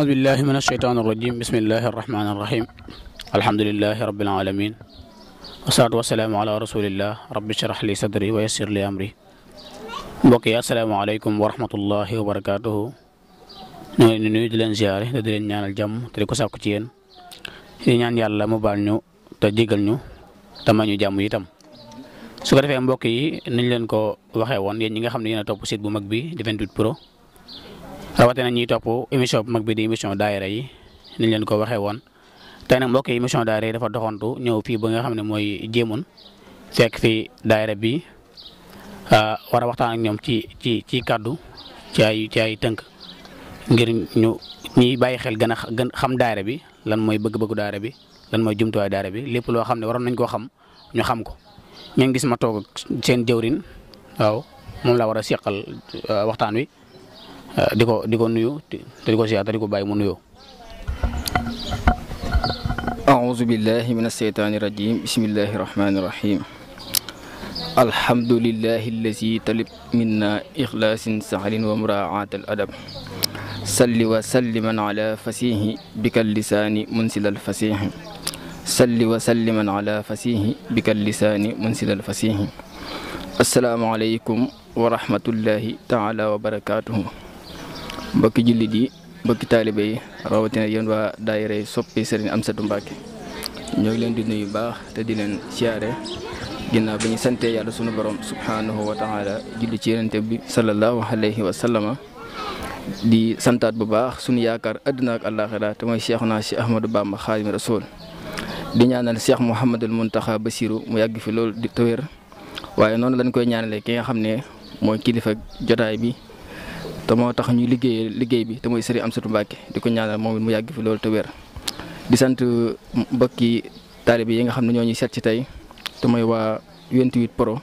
أعوذ بالله من الشيطان الرجيم بسم الله الرحمن الرحيم الحمد لله رب العالمين والصلاة والسلام على رسول الله رب اشرح لي صدري ويسر لي أمري mbokk yi asalaamaaleykum wa rahmatullahi wa barakaatuhu ñoo ngi nuyu di leen ziare te di leen ñaanal jàmm te di ko sàkku ci yéen di ñaan yàlla mu baal ñu te jégal ñu te ma ñu jàmm itam su ko defee mbokk yi niñ leen ko waxee woon yéen ñi nga xam ne yéen a topp site bu mag bi di 28 pro rawatina ñiy topp émission bu mag bi di émission daayira yi ni leen ko waxee woon tey nag mbokk yi émission daayira yi dafa doxantu ñëw fii ba nga xam ne mooy jéemoon fekk fii daayira bi ah, war waxtaan ak ñoom ci ci ci kàddu ci ay ci ay tënk ngir ñu bàyyi xel gën a gën xam daayira bi lan mooy bëgg-bëggu daayira bi lan mooy jumtuwaay daayira bi lépp loo xam ne waroon nañ koo xam ñu xam ko ñu ngi gis ma toog seen jëwrin waaw moom la war a seqal ah, waxtaan wi. di ko di ko nuyu te di ko siyaar te di ko bàyyi mu nuyoo. أعوذ بالله من الشيطان الرجيم بسم الله الرحمن الرحيم الحمد لله الذي طلب منا إخلاص سعر ومراعاة الأدب صل وسلما على فسيه بك اللسان منسل الفسيح صل وسلما على فسيه بك اللسان منسل الفسيح السلام عليكم ورحمة الله تعالى وبركاته mbokki jullit yi mbokki taalibe yi rawatina yéen waa daayira soppi Serigne Amsatou Mbacké ñoo ngi leen di nuyu baax te di leen siyaare ginnaaw bi ñu sante yàlla sunu borom subhanahu wa taala julli ci yonente bi sallallahu alayhi wa di santaat bu baax sunu yaakaar àdduna ak àllaaxira te mooy si Cheikh Ahmadou Bamba Xaadimu Rasuul di ñaanal Cheikh Mouhamadul Mountakha Bassirou mu yàgg fi loolu di tawér waaye noonu lañ koy ñaanalee ki nga xam ne mooy kilifa jotaay bi. te moo tax ñu liggéeyee liggéey bi te mooy Serigne Amsatou Mbacké di ko ñaanal moom mu yàgg fi loolu te wér di sant mbokki taalibe yi nga xam ne ñoo ñuy seet ci tey te mooy waa 28 Pro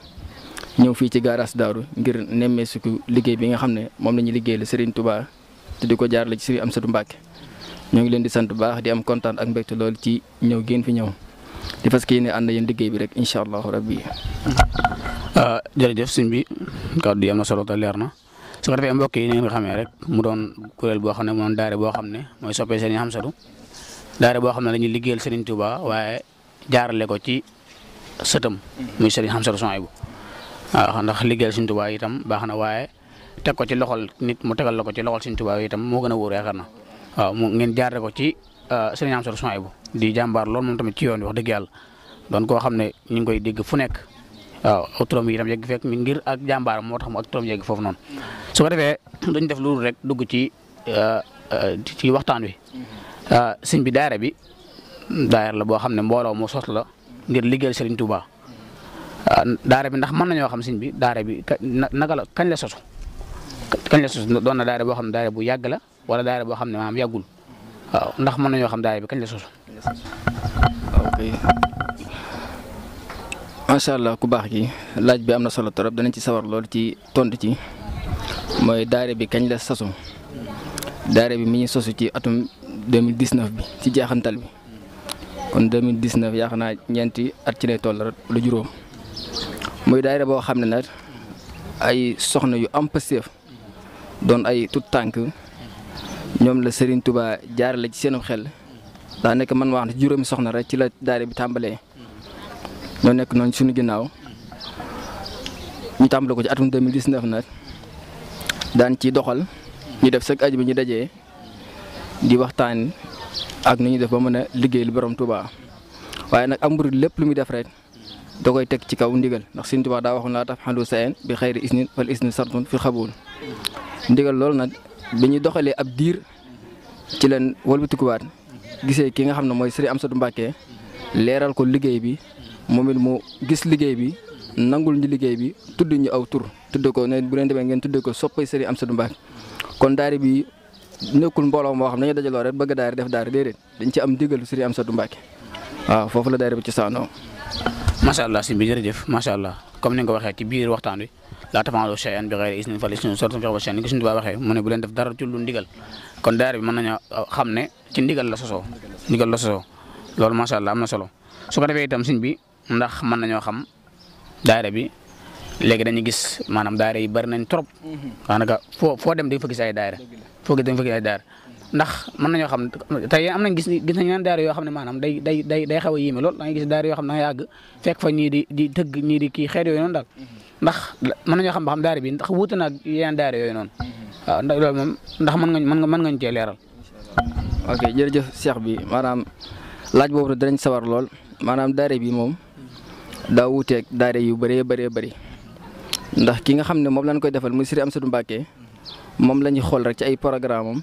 ñëw fii ci garage Daaru ngir nemmee suku liggéey bi nga xam ne moom la ñuy liggéeyal Serigne Touba te di ko jaarale ci am Amsatou Mbacké ñoo ngi leen di sant bu baax di am kontaan ak mbégte loolu ci ñëw geen fi ñëw di fas yéene ànd yéen liggéey bi rek incha allahu rabbi. Ah, jërëjëf bi kàddu yi am na leer na. soo ko defee mbokk yi ni xamee rek mu doon kuréel boo xam ne mu doon daare boo xam ne mooy soppee sëriñ Hamsatu daare boo xam ne dañuy liggéeyal sëriñ Touba waaye jaarale ko ci sëtam muy sëriñ Hamsatu Sohaybu waaw ndax liggéeyal sëriñ Touba itam baax na waaye teg ko ci loxol nit mu tegal la ko ci loxol sëriñ Touba itam moo gën a wóor yaakaar na waaw mu ngeen jaarale ko ci uh, sëriñ Hamsatu Sohaybu di jàmbaar loolu moom tamit ci yoon wax dëgg yàlla doon koo xam ñu ngi koy dégg fu nekk waaw ak turam itam yegg fekk mi ngir ak jàmbaaram moo tax mu ak turam yegg foofu noonu su ko defee dañ def loolu rek dugg ci euh, euh, ci waxtaan wi mm-hmm. euh, sëñ bi daara bi daara la boo xam ne mbooloo mu sos la ngir liggéey liggéeyal Serigne Touba daara bi ndax mën nañoo xam sëñ bi daara bi naka la kañ la sos kañ la sosu doon na daara boo xam ne daara bu yàgg la wala daara boo xam ne maanaam yàggul waaw ndax na nañoo xam daara bi kañ la sosu. macha allah ku baax gi laaj bi am na solo trop danañ ci sawar loolu ci tontu ci mooy daare bi kañ la sosu daare bi mu ngi sosu ci atum 2019 bi ci jeexantal bi kon 2019 yaakaar naa ñeenti at ci lay toll lu juróom muy daare boo xam ne nag ay soxna yu am pësteef doon ay tut tànk ñoom la tubaa Touba la ci seenum xel daa nekk man wax na juróomi soxna rek ci la daare bi tàmbalee. ñoo nekk noonu suñu ginnaaw ñu tàmbale ko ci atum 2019 nag daan ci doxal ñu def chaque aju bi ñu dajee di waxtaan ak nu ñu def ba mën a liggéey lu borom tubaa waaye nag am murid lépp lu muy def rek da koy teg ci kaw ndigal ndax Sëriñ Touba daa waxoon laa taf xandu saen bi xayri isnin wala isnin sartun fi xabuul ndigal loolu nag bi ñu doxalee ab diir ci leen wëlbatikuwaat gisee ki nga xam ne mooy Sëriñ Amsatu Mbàkke leeral ko liggéey bi moom it mu gis liggéey bi nangul ñu liggéey bi tudd ñu aw tur tudd ko ne bu leen demee ngeen tudd ko soppay Serigne Amsatou Mbacké kon daari bi nekkul mbooloo moo xam ne dañoo dajaloo bëgg daari def daari déedéet dañ ci am foofu la daari bi ci saanoo. macha allah si bi jërëjëf macha allah comme ni nga ko waxee ci biir waxtaan wi laa tafaaloo shay'an bi ghayri isnin fa lisnu sortan fi xabashan ni ko ne bu leen def dara ci lu ndigal la sosoo ndigal la sosoo loolu macha allah am na solo su ko defee itam sëñ bi ndax mën nañoo xam daayira bi léegi dañuy gis maanaam daayira yi bari nañ trop. daanaka foo foo dem dañu fa gis ay daayira foo gis ay daayira ndax mën nañoo xam tey am nañ gis gis nañ naan daara yoo xam ne maanaam day day day day xaw a lool da ngay gis daare yoo xam ne da ngay àgg fekk fa ñii di di tëgg ñii di kii xeet yooyu noonu daal mm-hmm. ndax mën nañoo xam ba xam daara bi ndax wuute na ak yeneen daara yooyu noonu waaw ndax loolu ndax mën nga mën nga mën ngañ cee leeral ok jërëjëf Cheikh bi maanaam laaj boobu dinañ sawar lool maanaam daara bi moom daa wuuteeg daare yu bëree bëree bëri ndax ki nga xam ne moom lañ koy defal am sa du Mbàkke moom la ñuy xool rek ci ay programme am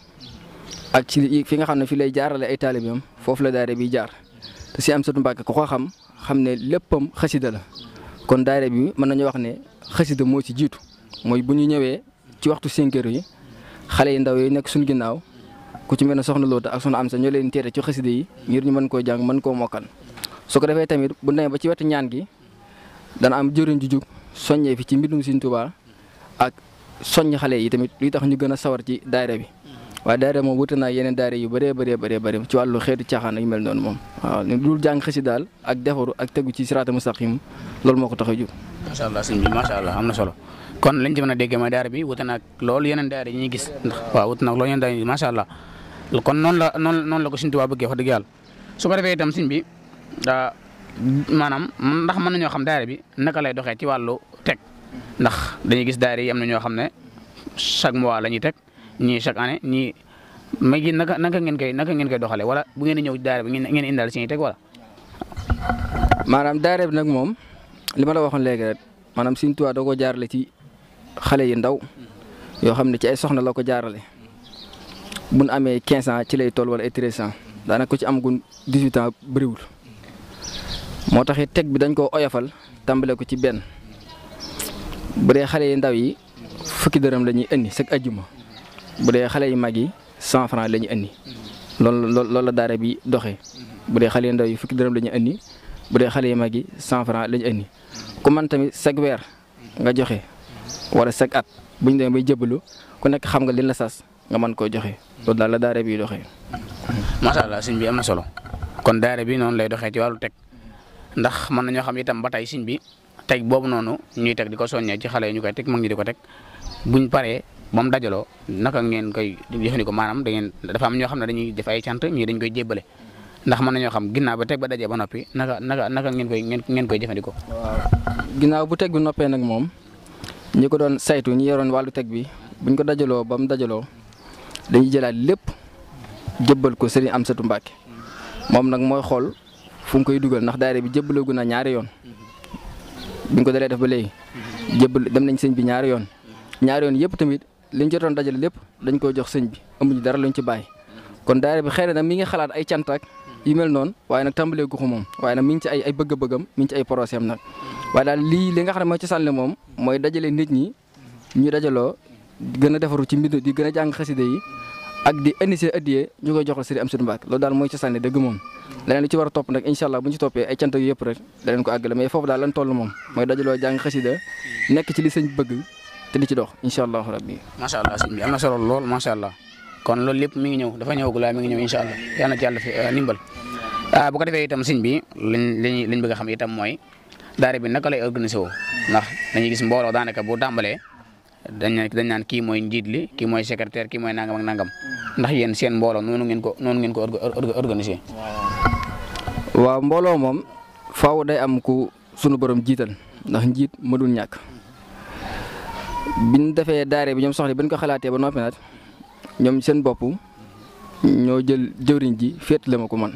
ak ci fi nga xam ne fi lay jaarale ay taalibeem foofu la daare bi jaar te Sëriñ Amsatu Mbàkke ku xam xam ne léppam xasida la kon daare bi mën nañu wax ne xasida moo ci jiitu mooy bu ñu ñëwee ci waxtu cinq heures yi xale yi ndaw yi nekk suñ ginnaaw ku ci mel ne soxna Loota ak am sa ñoo leen teere ci xasida yi ngir ñu mën koo jàng mën koo mokkal su ko defee tamit bu demee ba ci wetu ñaan gi dana am jëriñ ju jug soññee fi ci mbindum Sëriñ Tuubaa ak soññ xale yi tamit luy tax ñu gën a sawar ci daayira bi waaye daayira moom wute naa yeneen daayira yu bare bëree bëree bëri ci wàllu xeetu caaxaan yu mel noonu moom waaw dul jàng xësi daal ak defaru ak tegu ci siraata mustaqim loolu moo ko tax a jug macha allah sëñ bi am na solo kon lañ ci mën a déggee bi wute naag loolu yeneen daara yi ñuy gis ndax waaw wute naag loolu yeneen daara yi macha allah kon noonu la ko Sëriñ Tuubaa bëggee wax dëgg yàlla su ko defee itam sëñ maanaam ndax mën ñoo xam daara bi naka lay doxee ci wàllu teg ndax dañuy gis daara yi am na ñoo xam ne chaque mois la ñuy teg ñii chaque année ñii ma gi naka naka ngeen koy naka ngeen koy doxalee wala bu ngeen ñëw daara bi ngeen indaal si ñuy teg wala. maanaam daara bi nag moom li ma la waxoon léegi maanaam Sëriñ Tuubaa da koo jaarale ci xale yu ndaw yoo xam ne ci ay soxna la ko jaarale bu nu amee 15 ans ci lay toll wala ay 13 ans daanaka ku ci am gun 18 ans bëriwul. moo tax it teg bi dañ koo oyofal tàmbale ko ci benn bu dee xale yi ndaw yi fukki dërëm la ñuy indi chaque ajjuma bu dee xale yu mag yi cent franc indi loolu loolu la bi doxee bu dee xale ndaw yi fukki dërëm la indi bu dee xale yu mag yi cent franc la ñuy indi ku man tamit chaque weer nga joxe wala chaque at bu ñu demee bay jëbalu ku nekk xam nga liñ la sas nga mën koo joxe loolu daal la daara bi doxee. macha allah bi am na solo kon daara bi noonu lay doxee ci wàllu teg. ndax na ñoo xam itam ba tey siñ bi teg boobu noonu ñuy teg di ko soññee ci xale yi ñu koy teg mag ñi di ko teg buñ paree ba mu dajaloo naka ngeen koy jëfandikoo maanaam da dafa am ñoo xam ne dañuy def ay cant ñii dañ koy jébbale ndax mën nañoo xam ginnaaw ba teg ba dajee ba noppi naka naka naka ngeen koy ngeen koy jëfandikoo. ginnaaw bu teg bi noppee nag moom ñu ko doon saytu ñu yoroon wàllu teg bi buñ ko dajaloo ba mu dajaloo dañuy jëlaat lépp jébbal ko Serigne Amsatou Mbacke moom nag mooy xool fu koy dugal ndax daayira bi jëbbalagu na ñaari yoon bi ko dalee def ba léegi jëbbal dem nañ sëñ bi ñaari yoon ñaari yoon yëpp tamit liñ jotoon dajale lépp dañ koo jox sëñ bi amuñu dara luñ ci bàyyi kon daayira bi xëy na nag mi ngi xalaat ay cant ak yu mel noonu waaye nag tàmbalee gu ko moom waaye nag mi ngi ci ay ay bëgg-bëggam mi ngi ci ay projet am nag waaye daal lii li nga xam ne mooy cosaan la moom mooy dajale nit ñi ñu dajaloo gën a defaru ci mbind di gën a jàng xaside yi ak di indi seen addiye ñu koy joxal Serigne Amsatou Mbacké loolu daal mooy ci sànni dëgg moom leneen lu ci war topp nag incha allah bu ñu ci toppee ay cant yëpp rek daneen ko àggale li sëñ dox incha allah sëñ bi am na solo lool macha allah kon loolu lépp mi ngi ñëw dafa ñëw gulaa mi i ñëw incha allah yal na ci yàlla fi euh, ndimbal ah, bu ko defee itam sëñ bi liñ liñ bëgg a xam itam mooy daara bi naka lay organisé woo ndax dañuy gis mbooloo daanaka bu tàmbalee dañ dañ naan kii mooy njiit li kii mooy secrétaire kii mooy nangam ak nangam ndax yéen seen mbooloo noonu ngeen ko noonu ngeen ko organisé. waaw mbooloo moom faaw day am ku sunu boroom jiital ndax njiit mënul ñàkk biñ defee daare bi ñoom soxna biñ ko xalaatee ba noppi seen bopp ñoo jël jëwriñ ji féetle ko man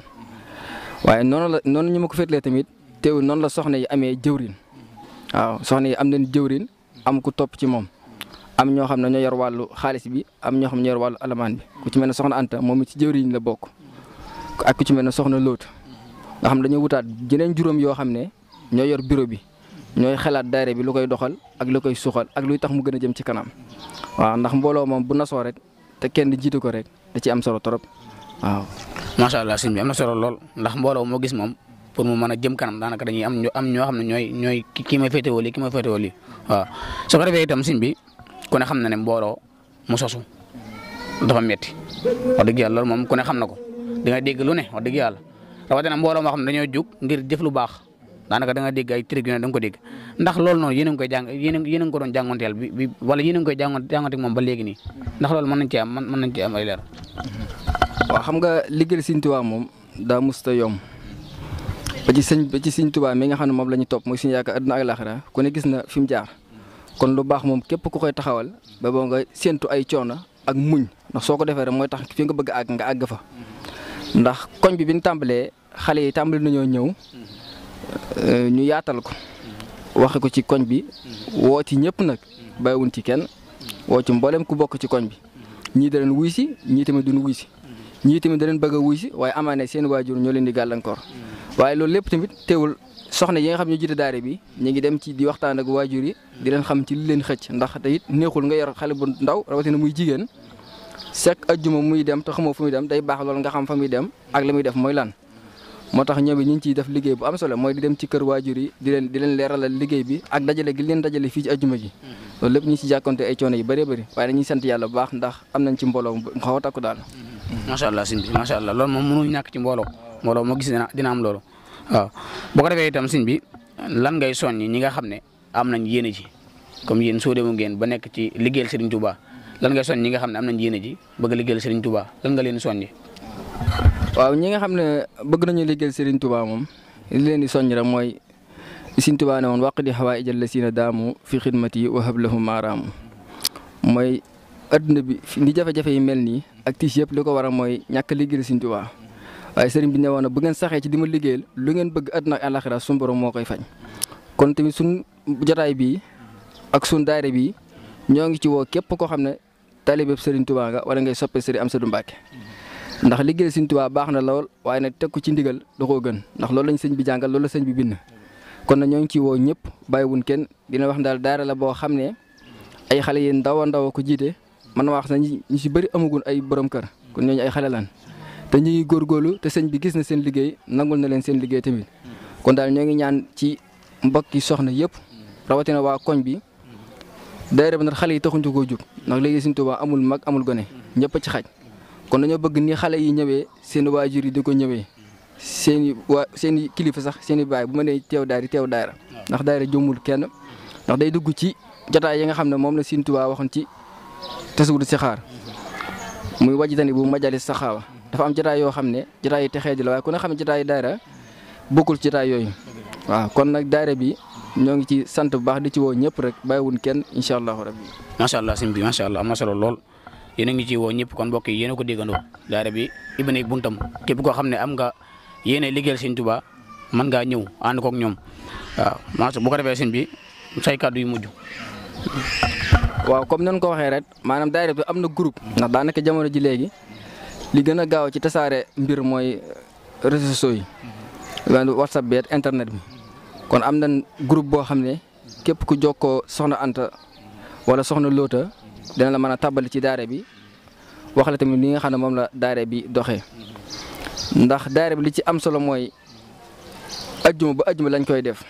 waaye noonu la noonu ñu ma ko féetlee tamit teewul noonu la soxna yi amee jëwriñ waaw soxna yi am nañ jëwriñ am ku topp ci moom. am ñoo xam ne ñoo yor wàllu xaalis bi am ñoo xam ne ñoo yor wàllu alamaan bi ku ci mel ne soxna Anta moom it ci jëwriñ la bokk ak ku ci mel ne soxna Lóot nga xam dañoo wutaat jeneen juróom yoo xam ne ñoo yor bureau bi ñooy xalaat daayira bi lu koy doxal ak lu koy suuxal ak luy tax mu gën a jëm ci kanam waaw ndax mbooloo moom bu nasoo rek te kenn jiitu ko rek da ci am solo trop waaw. macha allah sëñ am na solo lool ndax mbooloo moo gis moom pour mu mën a jëm kanam daanaka dañuy am am ñoo xam ne ñooy ñooy ki ma féetewoo lii ki ma féetewoo lii waaw su ko defee itam kon ne xam na ne mbooloo mu sosu dafa metti wax dëgg yàlla loolu moom ku ne xam na ko da nga dégg lu ne wax dëgg yàlla rawatina mbooloo moo xam ne dañoo jug ngir jëf lu baax daanaka da dégg ay trigue yu ne nga ko dégg ndax loolu noonu yéen a ngi koy jàng yéen a ngi doon jàngonteel bi bi wala yéen a ngi koy jàngon moom ba léegi nii ndax loolu mën nañ cee am mën nañ cee am ay leer. xam nga liggéey Sëñ Tuubaa moom daa musta yomb ba ci sëñ ba ci Sëñ Tuubaa mi nga xam ne moom la ñu topp mooy suñu yaakaar àdduna a laaxira kon ne gis na fi mu jaar kon lu baax moom képp ku koy taxawal ba boo nga séentu ay coono ak muñ ndax soo ko defee rek mooy tax fi nga bëgg ak nga àgg fa ndax koñ bi bi ñu tàmbalee xale yi tàmbali nañoo ñëw euh, ñu yaatal ko waxe ko ci koñ bi woo ci ñëpp nag bàyyiwuñ ci kenn woo ci mboolem ku bokk ci koñ bi ñii da wuy si ñii tamit duñ wuy si ñii tamit da bëgg a wuy si waaye amaane seen waajur ñoo leen di gàllankoor waaye loolu lépp tamit teewul soxna yi nga xam ñu jiite daare bi ñu ngi dem ci di waxtaan waajur yi di leen xam ci li leen xëcc ndax te it neexul nga yor xale bu ndaw na muy jigéen sekk ajjuma muy dem te xamoo fu muy dem day baax loolu nga xam fa muy dem ak la muy def mooy lan moo tax ñoom it ñu ngi ciy def liggéey bu am solo mooy di dem ci kër waajur yi di leen di leen leeralal liggéey bi ak dajale gi leen dajale fii ci ajjuma ji loolu lépp ñu ci jàkkonte ay coono yu bëree bëri waaye dañuy baax ndax am nañ a daal mm-hmm. macha allah sëñ bi macha allah loolu ci mbooloo mbooloo moo gis dina am loolu waaw boo ko defee itam sëñ bi lan ngay soññi ñi nga xam ne am nañ yéene ji comme yéen soo demu ngeen ba nekk ci liggéeyal Serigne Touba lan ngay soññ ñi nga xam ne am nañ yéene ji bëgg liggéeyal Serigne Touba lan nga leen soññi. waaw ñi nga xam ne bëgg nañu liggéeyal Serigne Touba moom li leen di soññ rek mooy Serigne ne woon waq di xawaay jël la siina daamu fi xidmati wa hablahum maaraamu mooy adduna bi ni jafe-jafe yi mel nii ak tiis yëpp li ko war a mooy ñàkk liggéeyal Serigne Touba waaye sëriñ bi ne woon na bu ngeen saxee ci di ma liggéeyal lu ngeen bëgg àddina ak àllaaxira suñu borom moo koy fañ kon tamit suñ jotaay bii ak suñ daayira bii ñoo ngi ci woo képp koo xam ne taalibe sëriñ tubaa nga wala ngay soppe sëriñ Amsadu Mbàkke ndax liggéey suñ Tuubaa baax na lool waaye nag teg ko ci ndigal da koo gën ndax loolu lañ sëñ bi jàngal loolu la sëñ bi bind kon na ñoo ngi ciy woo ñëpp bàyyiwun kenn dina wax daal daara la boo xam ne ay xale yi ndaw a ko jiite man wax nañ ñu si bëri amagun ay borom kër kon ñooñu te ñu góor góorlu te sëñ bi gis na seen liggéey nangul na leen seen liggéey tamit kon daal ñoo ngi ñaan ci mbokki soxna yépp rawatina waa koñ bi day reb nag xale yi taxuñu koo jug ndax léegi Sëñ Tuubaa amul mag amul gone ñëpp ci xaj kon dañoo bëgg ni xale yi ñëwee seen waajur yi di ko ñëwee seen i waa kilifa sax seen i baay bu ma nee teew daayira teew daayira ndax daayira jëmul kenn ndax day dugg ci jotaay yi nga xam ne moom la Sëñ Tuubaa waxoon ci tasawudu si xaar muy wajitani bu majalis saxaawa dafa am jotaay yoo xam ne jotaay yi texee ji la waaye ku ne xam bokkul ci yooyu waaw kon nag daayra bi ñoo ngi ci sant bu baax di ci woo ñëpp rek bàyyiwun kenn incha allah rabbi. macha allah sëñ bi macha allah am na solo lool yéen a ngi ci woo ñëpp kon mbokk yi yéen a ko déggandoo daayra bi ibni buntam képp koo xam ne am nga yéen a liggéeyal sëñ Tuubaa mën ngaa ñëw ànd koog ñoom waaw macha bu ko defee sëñ bi say kàddu mujj. waaw comme nañ ko waxee rek maanaam daayra bi am na groupe ndax daanaka jamono ji léegi li gën a gaaw ci tasaare mbir mooy uh, réseaux sociaux yi. Mhm. whatsapp bi internet bi. kon am nañ groupe boo xam ne képp ku jokkoo soxna Anta wala soxna Loota dina la mën a tàbbali ci daare bi wax la tamit li nga xam ne moom la daare bi doxee. ndax daare bi li ci am solo mooy ajjuma bu ajjuma lañ koy def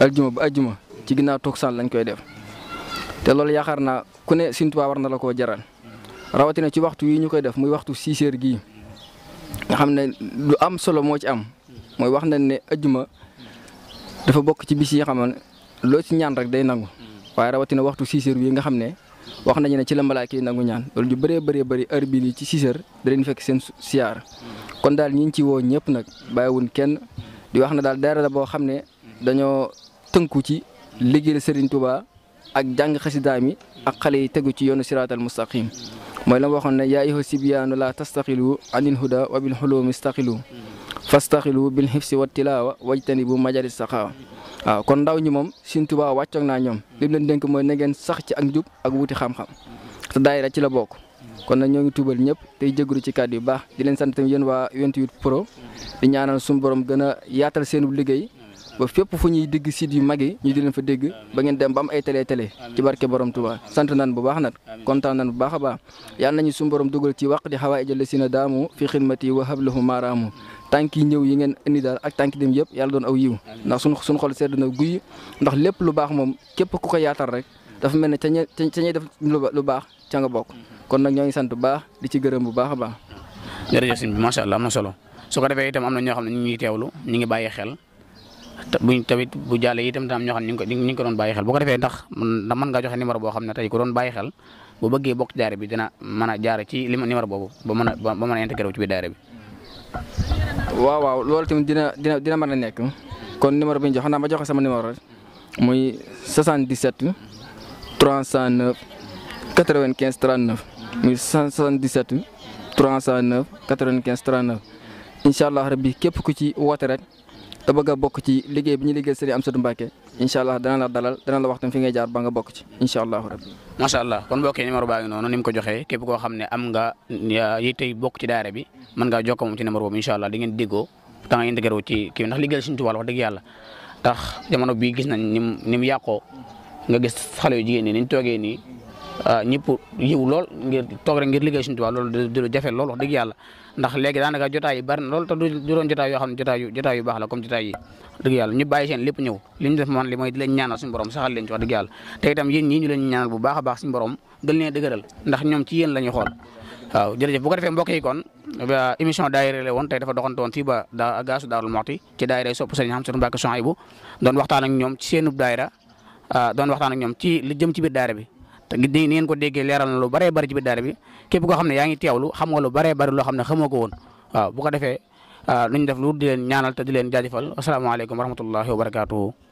ajjuma ba ajjuma ci ginnaaw toog saan lañ koy def te loolu yaakaar naa ku ne Sëñ Tuubaa war na la koo jaral. rawatina ci waxtu yi ñu koy def muy waxtu six gi nga xam ne lu am solo moo ci am mooy wax nañ ne ajjuma dafa bokk ci bis yi xam loo ci ñaan rek day nangu waaye rawatina waxtu six bii nga xam ne wax nañu ne ci la malaaka yi nangu ñaan loolu ñu bëree bëree bëri heure bii nii ci six heures da fekk seen siyaar kon daal ñi ngi ci woo ñëpp nag bàyyiwuñ kenn di wax na daal daara la boo xam ne dañoo tënku ci liggéeyal sëriñ tubaa ak jàng xasidaam yi ak xale yi tegu ci yoonu siraatal mustaqim mooy la waxoon ne yaa ayyuha sibyaanu laa tastaxilu anil huda wa bil xuluumi staxilu fastaxilu bil xifsi wa tilaawa wajtanibu majari saxaawa waaw kon ndaw ñi moom Sëriñ Tuubaa wàccoog naa ñoom li leen dénk mooy na ngeen sax ci ak njub ak wuti xam-xam te daayira ci la bokk kon nag ñoo ngi tuubal ñëpp tey jégalu ci kàddu yu baax di leen sant tamit yéen waa 28 pro di ñaanal suñu borom gën a yaatal seen liggéey ba fépp fu ñuy dégg siit yu mag yi ñu di leen fa dégg ba ngeen dem ba am ay télé télé ci barke borom Touba sant nan bu baax nag kontaan nan bu baax a baax yàlla nañu suñu borom dugal ci waq di xawaa ijale si na daamu fi xidmati wa hablahu maaraamu tànk yi ñëw yi ngeen indi daal ak tànk dem yëpp yàlla doon aw yiw ndax suñu suñu xol sedd na guy ndax lépp lu baax moom képp ku ko yaatal rek dafa mel ne ca ña ca ñay def lu baax ca nga bokk kon nag ñoo ngi sant bu baax di ci gërëm bu baax a baax jërëjëf sëñ bi macha allah na solo su ko defee itam am na ñoo xam ne ñu ngi teewlu ñu ngi bàyyi xel buñ tamit bu jàllee itam dana am ñoo xam ne ñu ngi ko doon bàyyi xel bu ko defee ndax mën ngaa joxe numéro boo xam ne tey ku doon bàyyi xel bu bëggee bokk daara bi dina mën a jaar ci li numéro boobu ba mën a ba mën a intégré ci biir daara bi. waaw waaw loolu tamit dina dina dina mën a nekk kon numéro bi ñu jox naa ma joxe sama numéro muy 77 309 95 39 muy 77 309 95 39 incha allah rabbi képp ku ci woote rek. te bëgg a bokk ci liggéey bi ñu liggéey Serigne Amsatou Mbacké incha allah dana la dalal dana la waxtam fi ngay jaar ba nga bokk ci incha allahu rabbi macha allah kon mbokk yi numéro noonu ni mu ko joxee koo xam ne am nga yitey bokk ci daara bi mën ngaa jokkoo moom ci numéro boobu incha allah di ngeen déggoo temps nga intégré ci kii ndax liggéey Serigne Touba wax dëgg yàlla ndax jamono bii gis nañ nim ni mu yàqoo nga gis xale yu jigéen ñi niñ toogee nii ah, ñëpp yiw lool ngir toog rek ngir liggéey Serigne Touba loolu di dëgg yàlla ndax léegi daanaka jotaay yi bari na loolu te du doon jotaay yoo xam ne jotaay yu jotaay yu baax la comme jotaay yi dëgg yàlla ñu bàyyi seen lépp ñëw li def man li di leen ñaanal bu baax a baax suñu borom gën leen dëgëral ndax ñoom ci yéen la xool waaw jërëjëf bu ko defee mbokk émission daayira la woon dafa doxante woon fii ba da gaasu daarul moxti ci daayira sopp sëriñ xam sunu Mbàkke Suhaybu doon waxtaan ñoom ci seenub daayira ah, doon waxtaan ñoom ci jëm ci biir daayira képp koo xam ne yaa ngi teewlu xam nga lu baree bari loo xam ne xamoo ko woon waaw bu ko defee lu ah, ñu def lu di leen ñaanal te di leen jaajëfal asalaamaaleykum wa rahmatullahi wa barakaatuhu